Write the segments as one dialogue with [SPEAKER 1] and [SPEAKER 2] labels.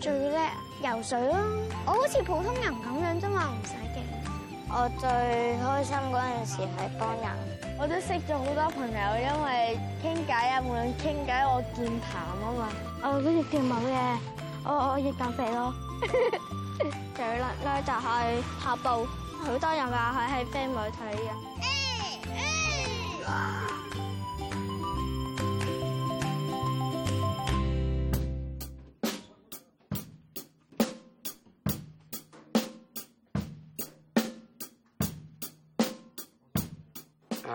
[SPEAKER 1] 最叻游水咯，我好似普通人咁樣啫嘛，唔使驚。我最開心嗰陣時係幫人，我都識咗好多朋友，因為傾偈啊，無論傾偈我健談啊嘛。我
[SPEAKER 2] 嗰隻健冇嘅，我也我易減肥咯。
[SPEAKER 1] 最叻咧就係跑步，好多人話佢係喺 friend 裏睇嘅。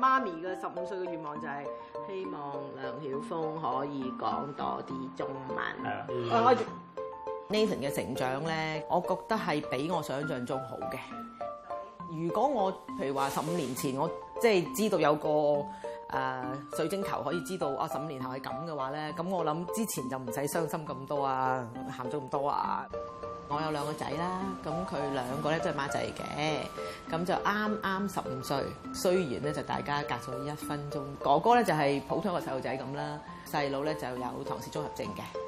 [SPEAKER 2] 媽咪嘅十五歲嘅願望就係希望梁曉豐可以講多啲中文。 Nathan 嘅成長咧，我覺得係比我想象中好嘅。如果我譬如話十五年前，我即係知道有個、呃、水晶球可以知道啊，十五年後係咁嘅話咧，咁我諗之前就唔使傷心咁多啊，喊咗咁多啊。我有兩個仔啦，咁佢兩個咧都係孖仔嘅，咁就啱啱十五歲。雖然咧就大家隔咗一分鐘，哥哥咧就係普通個細路仔咁啦，細佬咧就有唐氏綜合症嘅。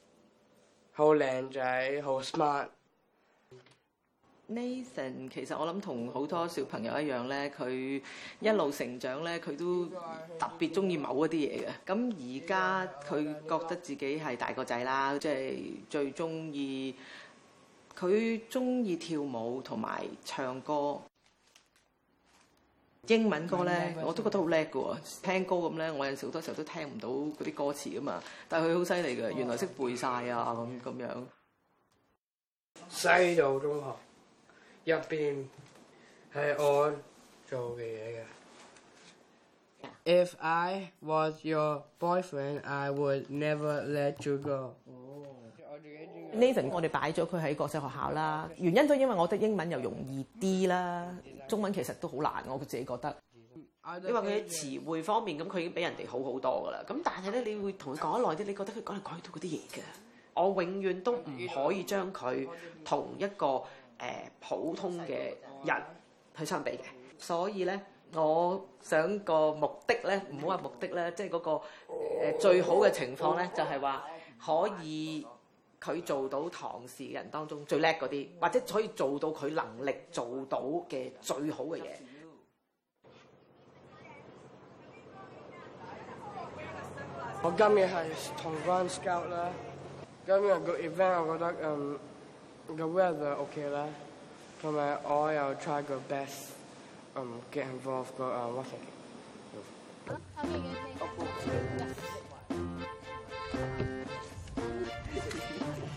[SPEAKER 3] 好靚仔，好 smart。Nathan
[SPEAKER 2] 其實我諗同好多小朋友一樣咧，佢一路成長咧，佢都特別中意某一啲嘢嘅。咁而家佢覺得自己係大個仔啦，即係最中意佢中意跳舞同埋唱歌。英文歌咧，我都覺得好叻嘅喎。聽歌咁咧，我有時好多時候都聽唔到嗰啲歌詞啊嘛。但係佢好犀利嘅，原來識背曬
[SPEAKER 3] 啊咁咁樣。西道中學入邊係我做嘅嘢嘅。If I was your boyfriend, I would never let you go.
[SPEAKER 4] Nathan，我哋
[SPEAKER 2] 擺咗佢喺國際學校啦，原因都因為我覺得英文又容易啲啦，中文其實都好難，我自己覺得。因為佢嘅詞彙方面，咁佢已經比人哋好好多㗎喇。咁但係咧，你會同佢講得耐啲，你覺得佢講嚟講去都嗰啲嘢嘅。我永遠都唔可以將佢同一個誒、呃、普通嘅人去相比嘅。所以咧，我想個目的咧，唔好話目的咧，即係嗰個、呃、最好嘅情況咧，就係、是、話可以。佢做到唐氏人當中最叻嗰啲，或者可以做到佢能力做
[SPEAKER 3] 到嘅最好嘅嘢。我今日係同 g Scout 啦，今日個 event 我覺得嗯，個 weather OK 啦，同埋我要 try 個 best，嗯 get involved 個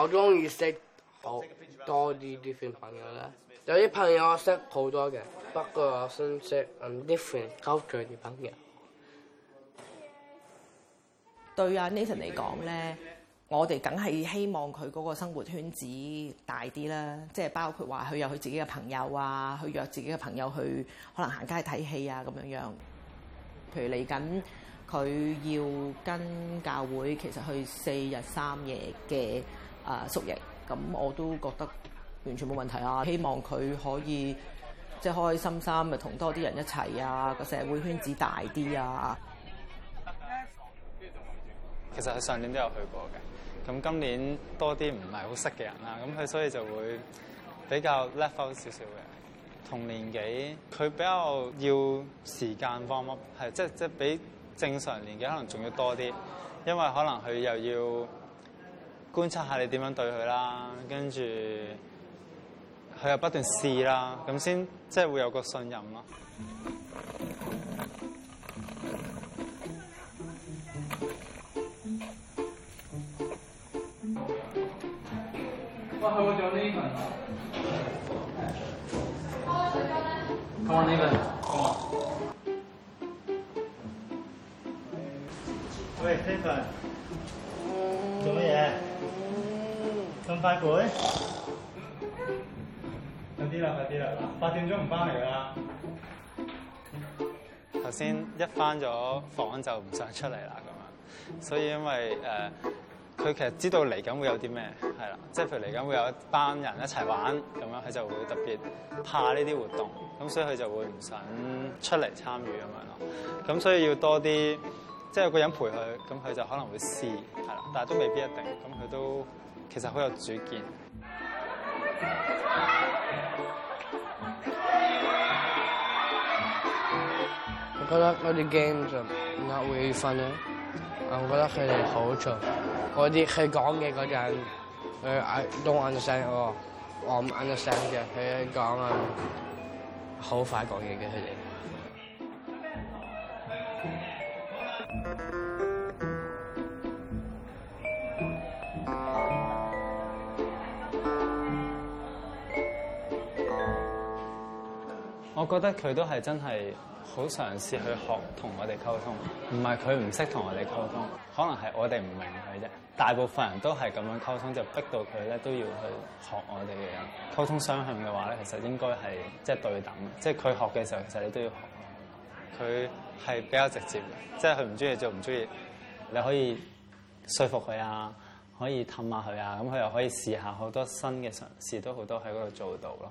[SPEAKER 3] 我中意識好多啲啲 different 朋友啦。有啲朋友我識好多嘅，不過我想識啲 friend 交長嘅朋友。對
[SPEAKER 2] 阿 Nathan 嚟講咧，我哋梗係希望佢嗰個生活圈子大啲啦，即係包括話佢有佢自己嘅朋友啊，去約自己嘅朋友去可能行街睇戲啊，咁樣樣。譬如嚟緊佢要跟教會，其實去四日三夜嘅。啊縮型，咁我都覺得完全冇問題啊！希望佢可以即係開開心心，咪同多啲人一齊啊，個社會圈子大啲啊！
[SPEAKER 4] 其實佢上年都有去過嘅，咁今年多啲唔係好識嘅人啦，咁佢所以就會比較 left out 少少嘅。同年紀佢比較要時間 warm up。係，即係即係比正常年紀可能仲要多啲，因為可能佢又要。觀察下你點樣對佢啦，跟住佢又不斷試啦，咁先即係會有個信任咯。我去咗呢份。咁呢份。
[SPEAKER 1] 喂，呢份。做乜嘢。嗯試試
[SPEAKER 4] 快會快啲啦！快啲啦！八點鐘唔返嚟啦。頭先一返咗房就唔想出嚟啦，咁樣，所以因為誒，佢、呃、其實知道嚟緊會有啲咩係啦，即係、就是、譬如嚟緊會有一班人一齊玩咁樣，佢就會特別怕呢啲活動，咁所以佢就會唔想出嚟參與咁樣咯。咁所以要多啲，即係有個人陪佢，咁佢就可能會試係啦，但係都未必一定咁，佢都。其實好有主見
[SPEAKER 3] 我。我覺得我啲 games 啊會瞓咧，我覺得佢哋好嘈。嗰啲佢講嘅嗰陣，佢嗌 I don't understand 哦，我唔 understand 嘅，佢講啊，好快講嘢嘅佢哋。
[SPEAKER 4] 我覺得佢都係真係好嘗試去學同我哋溝通，唔係佢唔識同我哋溝通，可能係我哋唔明佢啫。大部分人都係咁樣溝通，就逼到佢咧都要去學我哋嘅人溝通雙向嘅話咧，其實應該係即係對等，即係佢學嘅時候其實你都要學。佢係比較直接嘅，即係佢唔中意做唔中意，你可以說服佢啊，可以氹下佢啊，咁佢又可以試下好多新嘅嘗試，都好多喺嗰度做到咯。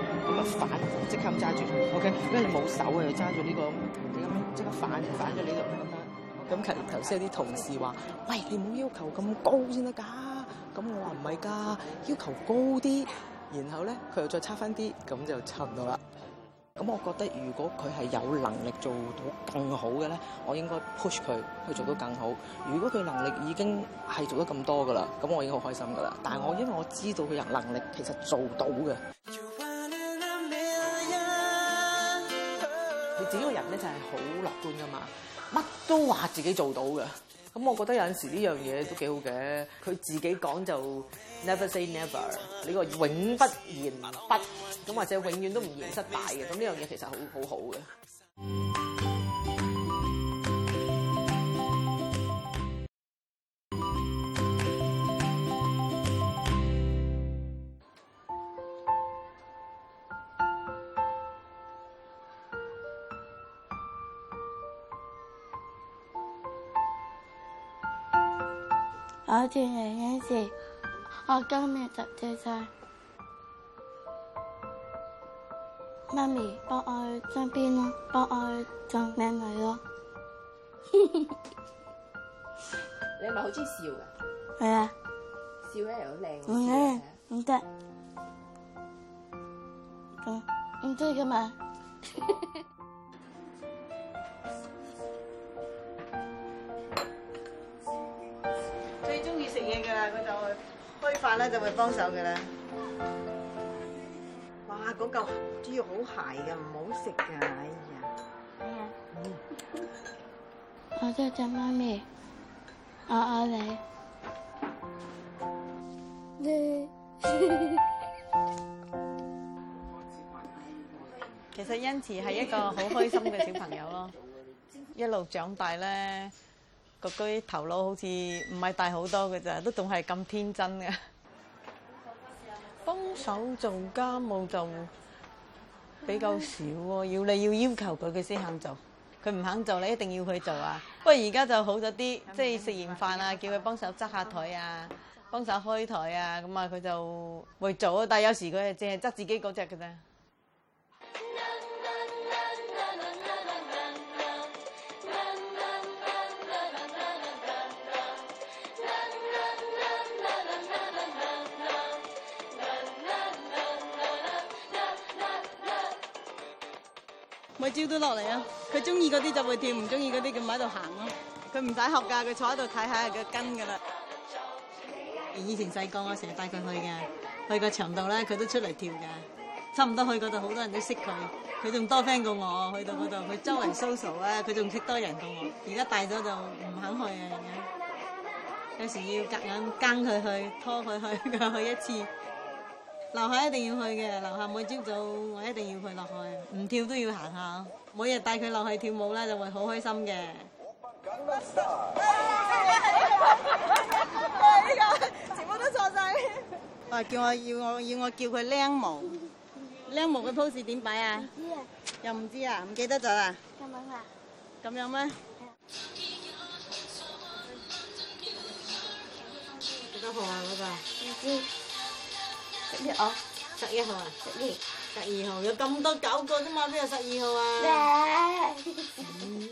[SPEAKER 2] 反即刻咁揸住，OK，因為冇手啊，就揸住呢個，咁即刻反，反咗呢度咁樣。咁頭先有啲同事話，喂，你唔好要求咁高先得噶。咁我話唔係噶，要求高啲。然後咧，佢又再差翻啲，咁就差唔多啦。咁我覺得如果佢係有能力做到更好嘅咧，我應該 push 佢去做到更好。如果佢能力已經係做得咁多噶啦，咁我已經好開心噶啦。但係我因為我知道佢能力其實做到嘅。你自己個人咧就係好樂觀噶嘛，乜都話自己做到嘅。咁我覺得有陣時呢樣嘢都幾好嘅。佢自己講就 never say never，呢個永不言不，咁或者永遠都唔言失敗嘅。咁呢樣嘢其實好好好嘅。嗯
[SPEAKER 4] 好似
[SPEAKER 1] 係呢事，我今日就借晒媽咪幫我去爭邊咯，幫我去爭靚女咯。 你咪好中
[SPEAKER 2] 意笑嘅？係
[SPEAKER 1] 啊，
[SPEAKER 3] 笑咧又好靚嘅。唔得，唔得，咁唔得嘅嘛。
[SPEAKER 5] 嘅啦，佢就開飯咧，就會幫手嘅啦。哇，嗰嚿豬肉好鞋嘅，唔好食嘅，哎呀！哎呀，嗯，我真真媽咪，我愛你 其實殷慈係一個好開心嘅小朋友咯，一路長大咧。個啲頭腦好似唔係大好多嘅咋，都仲係咁天真嘅。幫手做家務就比較少喎， 要你要要求佢，佢先肯做，佢唔肯做，你一定要佢做啊。 不過而家就好咗啲， 即係食完飯啊， 叫佢幫手執下台啊， 幫手開台啊，咁啊佢就會做。 但係有時佢係淨係執自己嗰隻嘅啫。每朝都落嚟啊！佢中意嗰啲就會跳，唔中意嗰啲咁喺度行咯。佢唔使學噶，佢坐喺度睇下佢跟噶啦。以前細個我成日帶佢去嘅，去個場度咧佢都出嚟跳㗎。差唔多去嗰度好多人都識佢，佢仲多 friend 過我。去到嗰度佢周圍 social 啊，佢仲識多人過我。而家大咗就唔肯去啊，有時要夾硬，硬跟佢去，拖佢去佢去一次。樓下一定要去嘅，樓下每朝早我一定要去落去，唔跳都要行下。每日帶佢落去跳舞啦，就會好開心嘅。
[SPEAKER 2] 我不敢說。呢個，呢
[SPEAKER 5] 個，全部都錯晒。啊！叫我要我要我叫佢靚模，靚模嘅 pose 點擺啊？唔知啊？又唔知啊？唔記得咗啊？咁
[SPEAKER 3] 樣
[SPEAKER 5] 啊？咁樣咩？比較好玩啦吧？知。十一號，十一號啊！十一、十二號有咁多九個啫嘛，邊有十二號啊？係咪？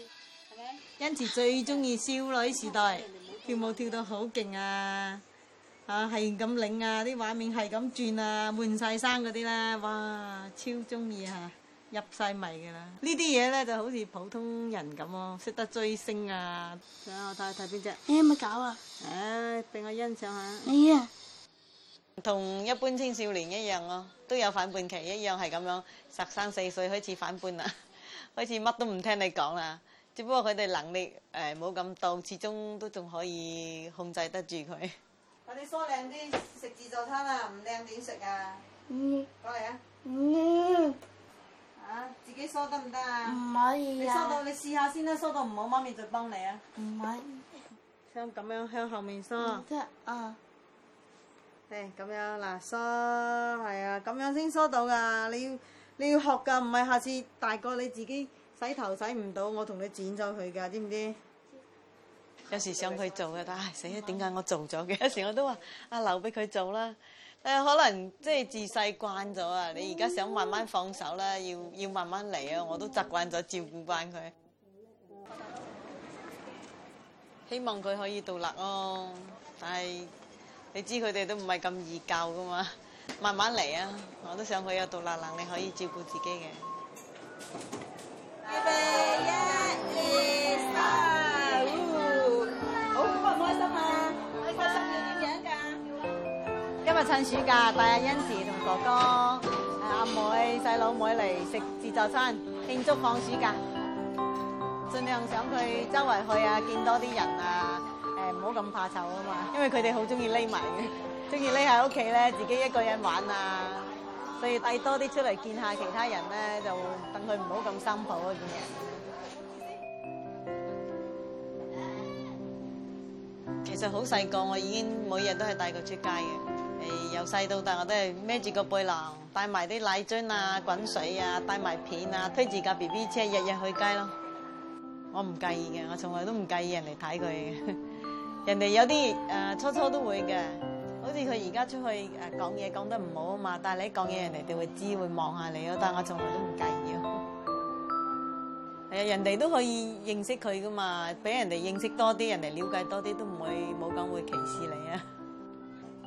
[SPEAKER 5] 因此最中意少女時代，跳舞跳到好勁啊！啊，係咁領啊，啲畫面係咁轉啊，換晒衫嗰啲啦，哇，超中意啊，入晒迷噶啦！呢啲嘢咧就好似普通人咁咯，識得追星啊！啊，睇睇邊隻？你有冇搞啊？唉，俾我欣賞下。哎呀！同一般青少年一樣咯，都有反叛期，一樣係咁樣，十三四歲開始反叛啦，開始乜都唔聽你講啦。只不過佢哋能力誒冇咁到，始終都仲可以控制得住佢。快啲梳靚啲，食自助餐啊，唔靚點食啊？嗯，過嚟啊。嗯。啊，自己梳得唔得啊？唔可以。你梳到你試下先啦，梳到唔好，媽咪再幫你啊。唔可以。想咁樣向後面梳。唔得啊。誒，咁樣啦梳係啊，咁樣先梳到噶。你要你要學噶，唔係下次大個你自己洗頭洗唔到，我同你剪咗佢噶，知唔知？有時想佢做嘅，但、哎、死啊，點解我做咗嘅？有時我都話，啊留俾佢做啦。誒，可能即係自細慣咗啊。你而家想慢慢放手啦，要要慢慢嚟啊。我都習慣咗照顧翻佢，希望佢可以獨立哦。但係。你知佢哋都唔係咁易教㗎嘛，慢慢嚟啊！我都想佢有獨立能力，你可以照顧自己嘅。
[SPEAKER 3] 預備，一二
[SPEAKER 2] 三，好，開唔開心啊？開心要點
[SPEAKER 5] 樣㗎？今日趁暑假帶阿殷慈同哥哥、阿妹，妹、細佬妹嚟食自助餐，慶祝放暑假。盡量想佢周圍去啊，見多啲人啊！唔好咁怕醜啊嘛，因為佢哋好中意匿埋嘅，中意匿喺屋企咧，自己一個人玩啊。所以帶多啲出嚟，見下其他人咧，就等佢唔好咁辛苦啊！其實好細個我已經每日都係帶佢出街嘅。誒，由細到大我都係孭住個背囊，帶埋啲奶樽啊、滾水啊、帶埋片啊，推住架 BB 車，日日去街咯。我唔介意嘅，我從來都唔介意人哋睇佢。人哋有啲誒、呃、初初都會嘅，好似佢而家出去誒講嘢講得唔好啊嘛，但係你講嘢人哋哋會知，會望下你咯。但我從來都唔介意咯。係啊，人哋都可以認識佢噶嘛，俾人哋認識多啲，人哋了解多啲都唔會冇咁會歧視你啊。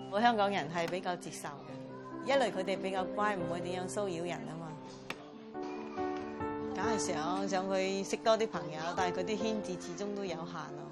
[SPEAKER 5] 我香港人係比較接受嘅，一來佢哋比較乖，唔會點樣騷擾人啊嘛。梗係想想去識多啲朋友，但係佢啲圈子始終都有限咯。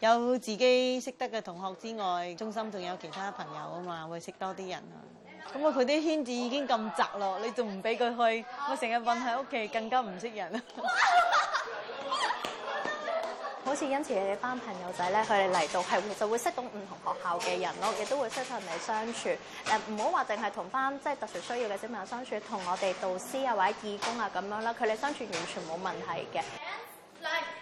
[SPEAKER 5] 有自己識得嘅同學之外，中心仲有其他朋友啊嘛，會識多啲人啊。咁、嗯、啊，佢啲圈子已經咁窄咯，你仲唔俾佢去？我成日韞喺屋企，更加唔
[SPEAKER 1] 識人啊！ 好似因此你哋班朋友仔咧，佢哋嚟到係就會識到唔同學校嘅人咯，亦都會識同人哋相處。誒，唔好話淨係同返即係特殊需要嘅小朋友相處，同我哋導師啊或者義工啊咁樣啦，佢哋相處完全冇問題嘅。嗯。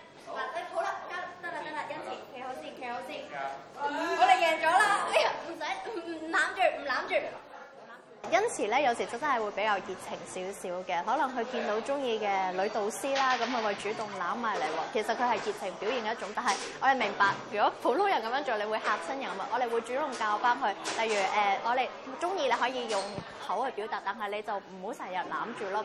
[SPEAKER 1] 因此咧，有時真真係會比較熱情少少嘅，可能佢見到中意嘅女導師啦，咁佢會主動攬埋嚟喎。其實佢係熱情表現一種，但係我哋明白，如果普通人咁樣做，你會嚇親人嘛。我哋會主動教翻佢，例如誒、呃，我哋中意你可以用口去表達，但係你就唔好成日攬住咯。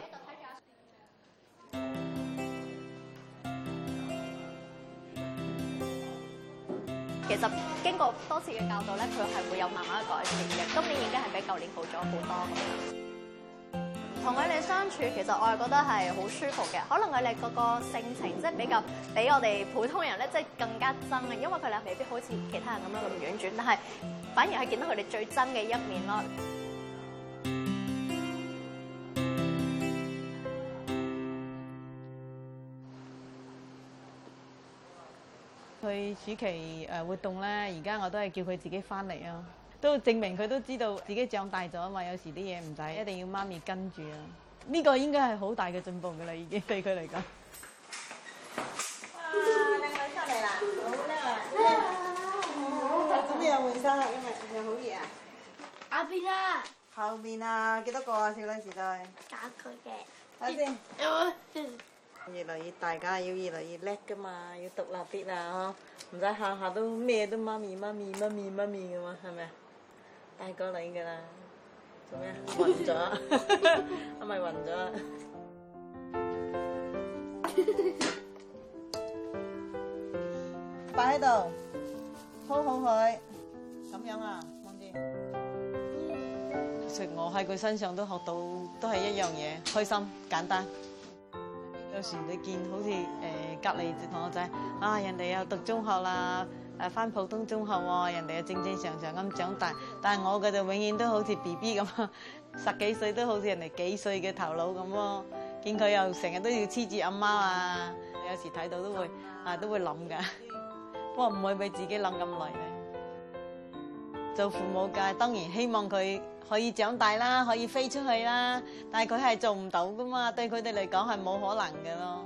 [SPEAKER 1] 就經過多次嘅教導咧，佢係會有慢慢嘅改善嘅。今年已經係比舊年好咗好多咁樣。同佢哋相處，其實我係覺得係好舒服嘅。可能佢哋個個性情即係比較畀我哋普通人咧，即係更加真。因為佢哋未必好似其他人咁樣咁婉轉，但係反而係見到佢哋最真嘅一面咯。
[SPEAKER 5] 去暑期誒活動咧，而家我都係叫佢自己翻嚟啊，都證明佢都知道自己長大咗啊嘛，有時啲嘢唔使一定要媽咪跟住啊，呢個應該係好大嘅進步噶啦，已經對佢嚟講。哇！靚女出嚟啦，好靚啊！準備又換衫啦，因為好熱啊。阿邊啊？後面啊？幾多個啊？少女時代？打佢嘅。阿先。啊越嚟越大家要越嚟越叻噶嘛，要獨立啲啦，嗬！唔使下下都咩都媽咪媽咪媽咪媽咪咁嘛，係咪？大個女噶啦，做咩？暈咗，係咪暈咗？擺喺度，抱好佢，咁樣啊，望住。嗯。我喺佢身上都學到，都係一樣嘢，開心簡單。有時你見好似誒、呃、隔離同學仔啊，人哋又讀中學啦，誒返普通中學，人哋又正正常常咁長大，但係我嘅就永遠都好似 B B 咁，十幾歲都好似人哋幾歲嘅頭腦咁，見佢又成日都要黐住阿媽啊，有時睇到都會啊，啊都會諗㗎，不過唔會俾自己諗咁耐。做父母噶，當然希望佢可以長大啦，可以飛出去啦。但係佢係做唔到噶嘛，對佢哋嚟講係冇可能嘅咯。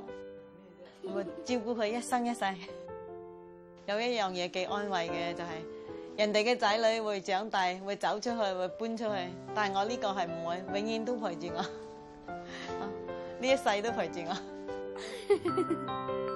[SPEAKER 5] 我會照顧佢一生一世，有一樣嘢幾安慰嘅就係，人哋嘅仔女會長大，會走出去，會搬出去。但係我呢個係唔會，永遠都陪住我，呢一世都陪住我。